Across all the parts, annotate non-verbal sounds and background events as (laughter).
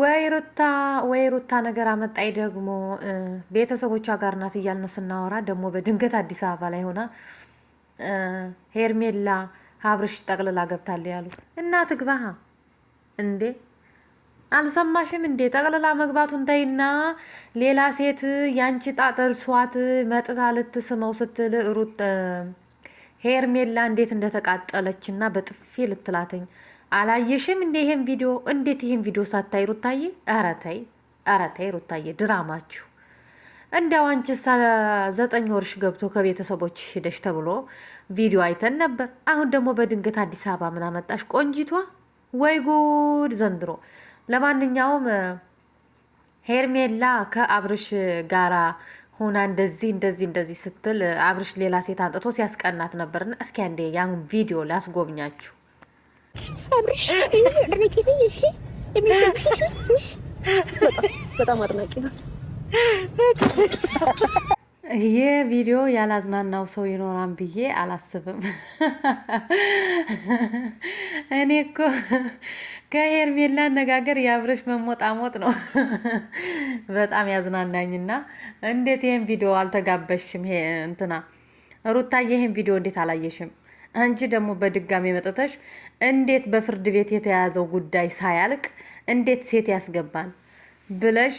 ወይ ሩታ ወይ ሩታ ነገር አመጣይ ደግሞ ቤተሰቦቿ ጋር ናት እያልን ስናወራ ደግሞ በድንገት አዲስ አበባ ላይ ሆና ሄርሜላ ሀብርሽ ጠቅልላ ገብታል ያሉ እና ትግባሃ እንዴ አልሰማሽም እንዴ? ጠቅልላ መግባቱን ተይና ሌላ ሴት ያንቺ ጣጠር ሷት መጥታ ልትስመው ስትል ሩት ሄርሜላ እንዴት እንደተቃጠለችና በጥፊ ልትላትኝ አላየሽም እንደ ይሄን ቪዲዮ እንዴት ይሄን ቪዲዮ ሳታይ ሩታዬ? ኧረ ተይ ኧረ ተይ ሩታዬ ድራማችሁ እንደው አንቺስ ዘጠኝ ወርሽ ገብቶ ከቤተሰቦች ሄደሽ ተብሎ ቪዲዮ አይተን ነበር። አሁን ደግሞ በድንገት አዲስ አበባ ምን አመጣሽ ቆንጂቷ? ወይ ጉድ ዘንድሮ። ለማንኛውም ሄርሜላ ከአብርሽ ጋራ ሆና እንደዚህ እንደዚህ እንደዚህ ስትል አብርሽ ሌላ ሴት አንጥቶ ሲያስቀናት ነበርና እስኪ አንዴ ያን ቪዲዮ ላስጎብኛችሁ። በጣም ይህ ቪዲዮ ያላዝናናው ሰው ይኖራን ብዬ አላስብም። እኔ እኮ ከሄርሜላ አነጋገር የአብረሽ መሞጣሞጥ ነው በጣም ያዝናናኝና፣ እንዴት ይህን ቪዲዮ አልተጋበሽም? እንትና ሩታ ይህን ቪዲዮ እንዴት አላየሽም? አንቺ ደግሞ በድጋሚ መጠተሽ እንዴት በፍርድ ቤት የተያዘው ጉዳይ ሳያልቅ እንዴት ሴት ያስገባል ብለሽ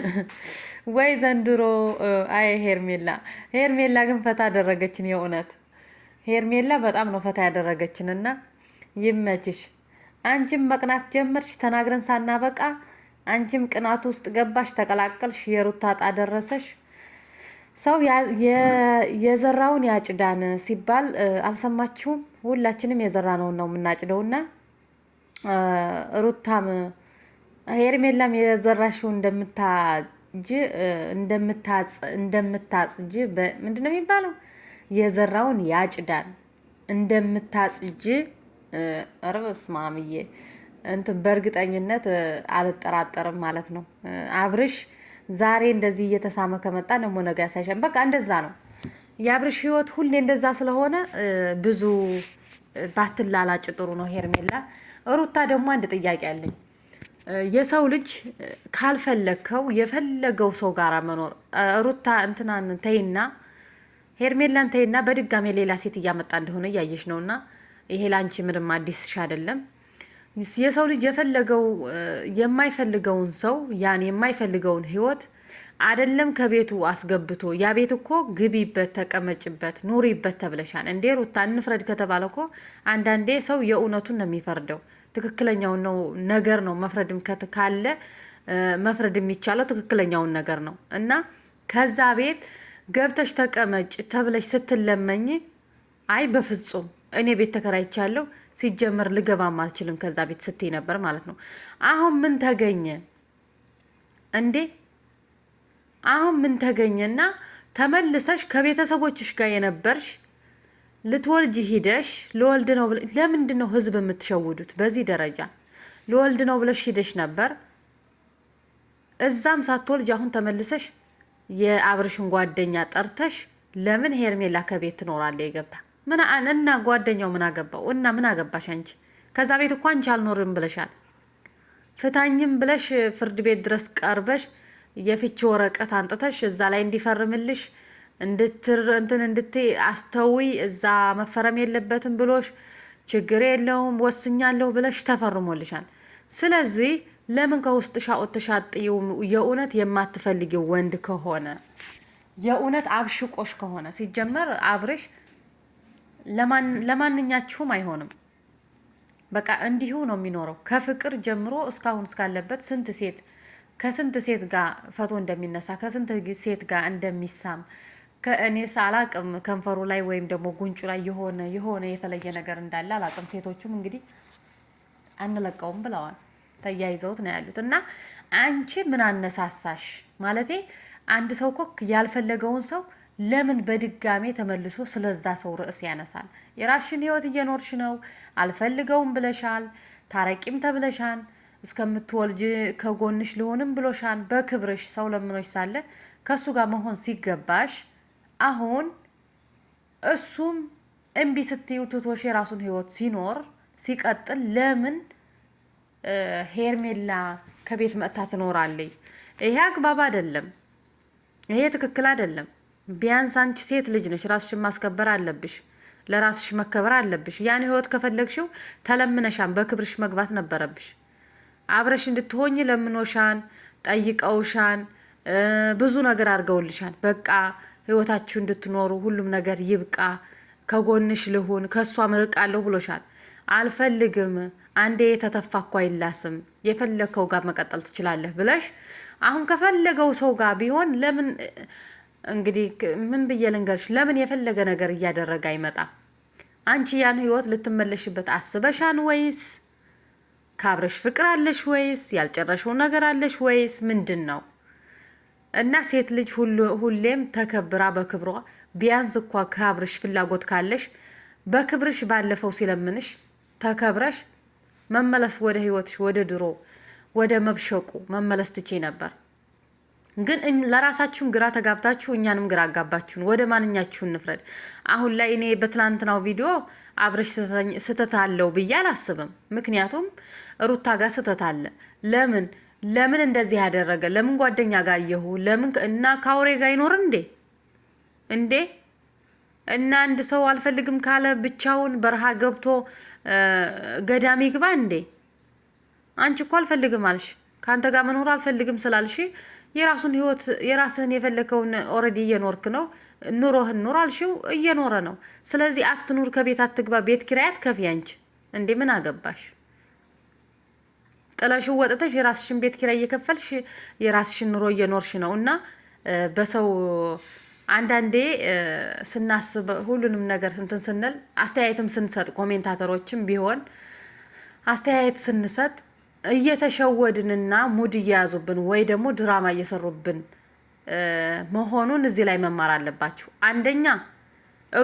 (laughs) ወይ ዘንድሮ። አይ ሄርሜላ ሄርሜላ ግን ፈታ አደረገችን። የእውነት ሄርሜላ በጣም ነው ፈታ ያደረገችን። እና ይመችሽ። አንቺም መቅናት ጀመርሽ። ተናግረን ሳናበቃ አንቺም ቅናቱ ውስጥ ገባሽ፣ ተቀላቀልሽ። የሩታ ጣ ደረሰሽ። ሰው የዘራውን ያጭዳን ሲባል አልሰማችሁም? ሁላችንም የዘራነውን ነው የምናጭደውና ሩታም ሄርሜላም የዘራሽው እንደምታጭጂ እንደምታጽጂ ምንድን ነው የሚባለው? የዘራውን ያጭዳን እንደምታጽጅ ርብስ ማምዬ እንትን በእርግጠኝነት አልጠራጠርም ማለት ነው አብርሽ ዛሬ እንደዚህ እየተሳመ ከመጣ ደግሞ ነገ ያሳይሻል። በቃ እንደዛ ነው የአብርሽ ህይወት ሁሌ እንደዛ ስለሆነ ብዙ ባትላላጭ ጥሩ ነው ሄርሜላ። ሩታ ደግሞ አንድ ጥያቄ አለኝ። የሰው ልጅ ካልፈለግከው የፈለገው ሰው ጋር መኖር ሩታ እንትናን ተይና ሄርሜላን ተይና፣ በድጋሜ ሌላ ሴት እያመጣ እንደሆነ እያየሽ ነው። ነውና፣ ይሄ ላንቺ ምንም አዲስ ሻ አይደለም። የሰው ልጅ የፈለገው የማይፈልገውን ሰው ያን የማይፈልገውን ህይወት አደለም ከቤቱ አስገብቶ ያ ቤት እኮ ግቢበት፣ ተቀመጭበት፣ ኑሪበት ተብለሻል እንዴ ሩታ። እንፍረድ ከተባለ እኮ አንዳንዴ ሰው የእውነቱን ነው የሚፈርደው። ትክክለኛውን ነው ነገር ነው መፍረድም ካለ መፍረድ የሚቻለው ትክክለኛውን ነገር ነው እና ከዛ ቤት ገብተሽ ተቀመጭ ተብለሽ ስትለመኝ አይ በፍጹም እኔ ቤት ተከራይቻለሁ። ሲጀመር ልገባም አልችልም ከዛ ቤት ስትይ ነበር ማለት ነው። አሁን ምን ተገኘ እንዴ? አሁን ምን ተገኘና ተመልሰሽ ከቤተሰቦችሽ ጋር የነበርሽ ልትወልጅ ሂደሽ ልወልድ ነው ብለሽ ለምንድን ነው ህዝብ የምትሸውዱት? በዚህ ደረጃ ልወልድ ነው ብለሽ ሂደሽ ነበር። እዛም ሳትወልጅ አሁን ተመልሰሽ የአብርሽን ጓደኛ ጠርተሽ ለምን ሄርሜላ ከቤት ትኖራለ ገብታ እና ጓደኛው ምን አገባው? እና ምን አገባሽ አንቺ? ከዛ ቤት እኮ አንቺ አልኖርም ብለሻል። ፍታኝም ብለሽ ፍርድ ቤት ድረስ ቀርበሽ የፍቺ ወረቀት አንጥተሽ እዛ ላይ እንዲፈርምልሽ እንድትር እንትን እንድትይ አስተዊ እዛ መፈረም የለበትም ብሎሽ ችግር የለውም ወስኛለሁ ብለሽ ተፈርሞልሻል። ስለዚህ ለምን ከውስጥሽ አውጥተሽ አጥይውም? የእውነት የማትፈልጊው ወንድ ከሆነ የእውነት አብሽቆሽ ከሆነ ሲጀመር አብርሽ ለማንኛችሁም አይሆንም። በቃ እንዲሁ ነው የሚኖረው። ከፍቅር ጀምሮ እስካሁን እስካለበት ስንት ሴት ከስንት ሴት ጋር ፈቶ እንደሚነሳ ከስንት ሴት ጋር እንደሚሳም ከእኔ አላቅም ከንፈሩ ላይ ወይም ደግሞ ጉንጩ ላይ የሆነ የሆነ የተለየ ነገር እንዳለ አላቅም። ሴቶቹም እንግዲህ አንለቀውም ብለዋል። ተያይዘውት ነው ያሉት። እና አንቺ ምን አነሳሳሽ? ማለቴ አንድ ሰው ኮክ ያልፈለገውን ሰው ለምን በድጋሜ ተመልሶ ስለዛ ሰው ርዕስ ያነሳል? የራሽን ህይወት እየኖርሽ ነው፣ አልፈልገውም ብለሻል፣ ታረቂም ተብለሻን፣ እስከምትወልጅ ከጎንሽ ልሆንም ብሎሻን፣ በክብርሽ ሰው ለምኖች ሳለ ከእሱ ጋር መሆን ሲገባሽ አሁን እሱም እምቢ ስትዩ ትቶሽ የራሱን ህይወት ሲኖር ሲቀጥል ለምን ሄርሜላ ከቤት መጥታ ትኖራለች? ይሄ አግባብ አይደለም። ይሄ ትክክል አይደለም። ቢያንስ አንቺ ሴት ልጅ ነች ራስሽን ማስከበር አለብሽ። ለራስሽ መከበር አለብሽ። ያን ህይወት ከፈለግሽው ተለምነሻን በክብርሽ መግባት ነበረብሽ። አብረሽ እንድትሆኝ ለምኖሻን፣ ጠይቀውሻን፣ ብዙ ነገር አድርገውልሻል። በቃ ህይወታችሁ እንድትኖሩ ሁሉም ነገር ይብቃ፣ ከጎንሽ ልሁን፣ ከእሷ ምርቃለሁ ብሎሻል። አልፈልግም አንዴ የተተፋ እኮ አይላስም፣ የፈለግከው ጋር መቀጠል ትችላለህ ብለሽ አሁን ከፈለገው ሰው ጋር ቢሆን ለምን እንግዲህ ምን ብዬ ልንገርሽ? ለምን የፈለገ ነገር እያደረገ አይመጣም? አንቺ ያን ህይወት ልትመለሽበት አስበሻን? ወይስ ካብረሽ ፍቅር አለሽ? ወይስ ያልጨረሽው ነገር አለሽ? ወይስ ምንድን ነው? እና ሴት ልጅ ሁሌም ተከብራ በክብሯ ቢያንስ እኳ ካብርሽ ፍላጎት ካለሽ በክብርሽ ባለፈው ሲለምንሽ ተከብረሽ መመለስ ወደ ህይወትሽ ወደ ድሮ ወደ መብሸቁ መመለስ ትቼ ነበር። ግን ለራሳችሁም ግራ ተጋብታችሁ እኛንም ግራ አጋባችሁን። ወደ ማንኛችሁ እንፍረድ? አሁን ላይ እኔ በትናንትናው ቪዲዮ አብረሽ ስህተት አለው ብዬ አላስብም። ምክንያቱም ሩታ ጋር ስህተት አለ። ለምን ለምን እንደዚህ ያደረገ ለምን ጓደኛ ጋር አየሁ ለምን እና ካውሬ ጋር ይኖር እንዴ እንዴ እና አንድ ሰው አልፈልግም ካለ ብቻውን በረሃ ገብቶ ገዳሚ ግባ እንዴ? አንቺ እኮ አልፈልግም አልሽ። ከአንተ ጋር መኖር አልፈልግም ስላልሽ የራሱን ህይወት የራስህን የፈለከውን ኦልሬዲ እየኖርክ ነው። ኑሮህን ኑር አልሽው እየኖረ ነው። ስለዚህ አትኑር፣ ከቤት አትግባ፣ ቤት ኪራያት ከፊ አንቺ እንዴ ምን አገባሽ? ጥለሽው ወጥተሽ የራስሽን ቤት ኪራይ እየከፈልሽ የራስሽን ኑሮ እየኖርሽ ነው እና በሰው አንዳንዴ ስናስብ ሁሉንም ነገር ስንትን ስንል አስተያየትም ስንሰጥ ኮሜንታተሮችም ቢሆን አስተያየት ስንሰጥ እየተሸወድንና ሙድ እየያዙብን ወይ ደግሞ ድራማ እየሰሩብን መሆኑን እዚህ ላይ መማር አለባችሁ። አንደኛ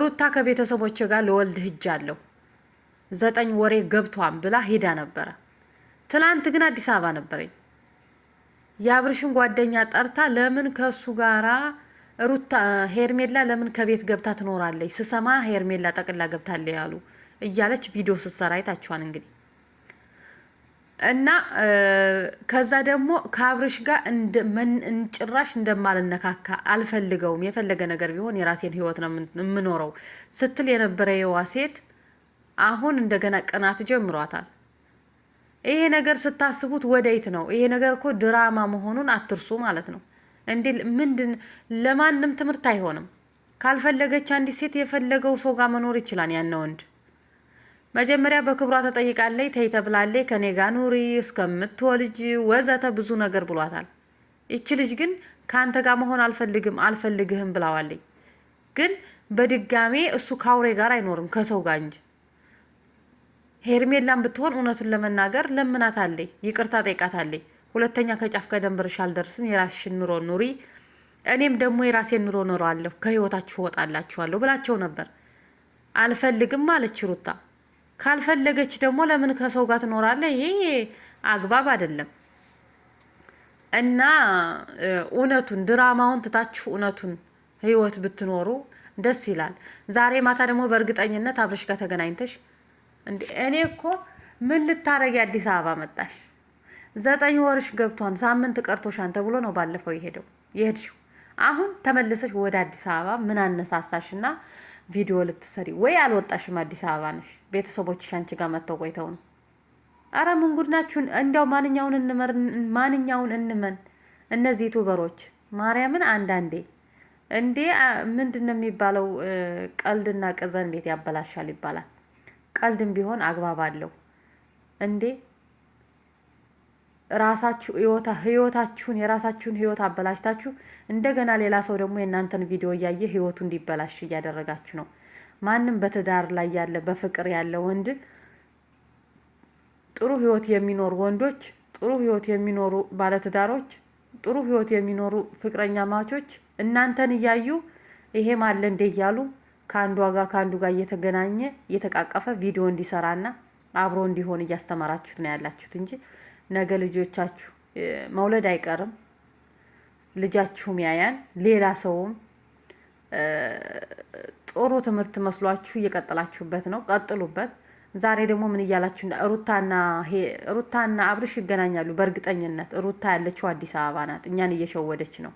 ሩታ ከቤተሰቦች ጋር ለወልድ ህጅ አለው ዘጠኝ ወሬ ገብቷን ብላ ሄዳ ነበረ። ትናንት ግን አዲስ አበባ ነበረኝ። የአብርሽን ጓደኛ ጠርታ ለምን ከእሱ ጋራ ሩታ ሄርሜላ ለምን ከቤት ገብታ ትኖራለች? ስሰማ ሄርሜላ ጠቅላ ገብታለች ያሉ እያለች ቪዲዮ ስትሰራ አይታችኋን። እንግዲህ እና ከዛ ደግሞ ከአብርሽ ጋር ጭራሽ እንደማልነካካ አልፈልገውም፣ የፈለገ ነገር ቢሆን የራሴን ህይወት ነው የምኖረው ስትል የነበረ የዋ ሴት አሁን እንደገና ቅናት ጀምሯታል። ይሄ ነገር ስታስቡት ወደይት ነው? ይሄ ነገር እኮ ድራማ መሆኑን አትርሱ ማለት ነው። እንዴ ምንድን ለማንም ትምህርት አይሆንም። ካልፈለገች አንዲት ሴት የፈለገው ሰው ጋር መኖር ይችላል ያነ ወንድ መጀመሪያ በክብሯ ተጠይቃለች። ተይ ተብላለች። ከኔ ጋ ኑሪ እስከምትወልጅ ወዘተ ብዙ ነገር ብሏታል። ይቺ ልጅ ግን ከአንተ ጋር መሆን አልፈልግም አልፈልግህም ብላዋለኝ። ግን በድጋሜ እሱ ከአውሬ ጋር አይኖርም ከሰው ጋር እንጂ። ሄርሜላን ብትሆን እውነቱን ለመናገር ለምናታለች፣ ይቅርታ ጠይቃታለች። ሁለተኛ ከጫፍ ከደንበርሽ አልደርስም፣ የራስሽን ኑሮ ኑሪ፣ እኔም ደግሞ የራሴን ኑሮ ኖረዋለሁ፣ ከህይወታችሁ እወጣላችኋለሁ ብላቸው ነበር። አልፈልግም አለች ሩታ ካልፈለገች ደግሞ ለምን ከሰው ጋር ትኖራለ? ይሄ አግባብ አይደለም። እና እውነቱን ድራማውን ትታችሁ እውነቱን ህይወት ብትኖሩ ደስ ይላል። ዛሬ ማታ ደግሞ በእርግጠኝነት አብረሽ ጋር ተገናኝተሽ እኔ እኮ ምን ልታረጊ አዲስ አበባ መጣሽ? ዘጠኝ ወርሽ ገብቷን ሳምንት ቀርቶሻን ተብሎ ነው ባለፈው የሄደው የሄድሽው። አሁን ተመልሰሽ ወደ አዲስ አበባ ምን አነሳሳሽ እና ቪዲዮ ልትሰሪ ወይ አልወጣሽም? አዲስ አበባ ነሽ፣ ቤተሰቦችሽ አንቺ ጋር መጥተው ቆይተው ነው። አረ ምን ጉድ ናችሁን? እንዲያው ማንኛውን ማንኛውን እንመን? እነዚህ ዩቱበሮች ማርያምን አንዳንዴ እንዴ ምንድን ነው የሚባለው? ቀልድና ቅዘን ቤት ያበላሻል ይባላል። ቀልድም ቢሆን አግባብ አለው እንዴ ራሳችሁ ህይወታችሁን የራሳችሁን ህይወት አበላሽታችሁ እንደገና ሌላ ሰው ደግሞ የእናንተን ቪዲዮ እያየ ህይወቱ እንዲበላሽ እያደረጋችሁ ነው። ማንም በትዳር ላይ ያለ በፍቅር ያለ ወንድ ጥሩ ህይወት የሚኖሩ ወንዶች፣ ጥሩ ህይወት የሚኖሩ ባለትዳሮች፣ ጥሩ ህይወት የሚኖሩ ፍቅረኛ ማቾች እናንተን እያዩ ይሄም ማለ እንደ እያሉ ከአንዷ ጋር ከአንዱ ጋር እየተገናኘ እየተቃቀፈ ቪዲዮ እንዲሰራና አብሮ እንዲሆን እያስተማራችሁት ነው ያላችሁት እንጂ ነገ ልጆቻችሁ መውለድ አይቀርም፣ ልጃችሁም ያያን ሌላ ሰውም ጥሩ ትምህርት መስሏችሁ እየቀጠላችሁበት ነው። ቀጥሉበት። ዛሬ ደግሞ ምን እያላችሁ ሩታና አብርሽ ይገናኛሉ። በእርግጠኝነት ሩታ ያለችው አዲስ አበባ ናት። እኛን እየሸወደች ነው።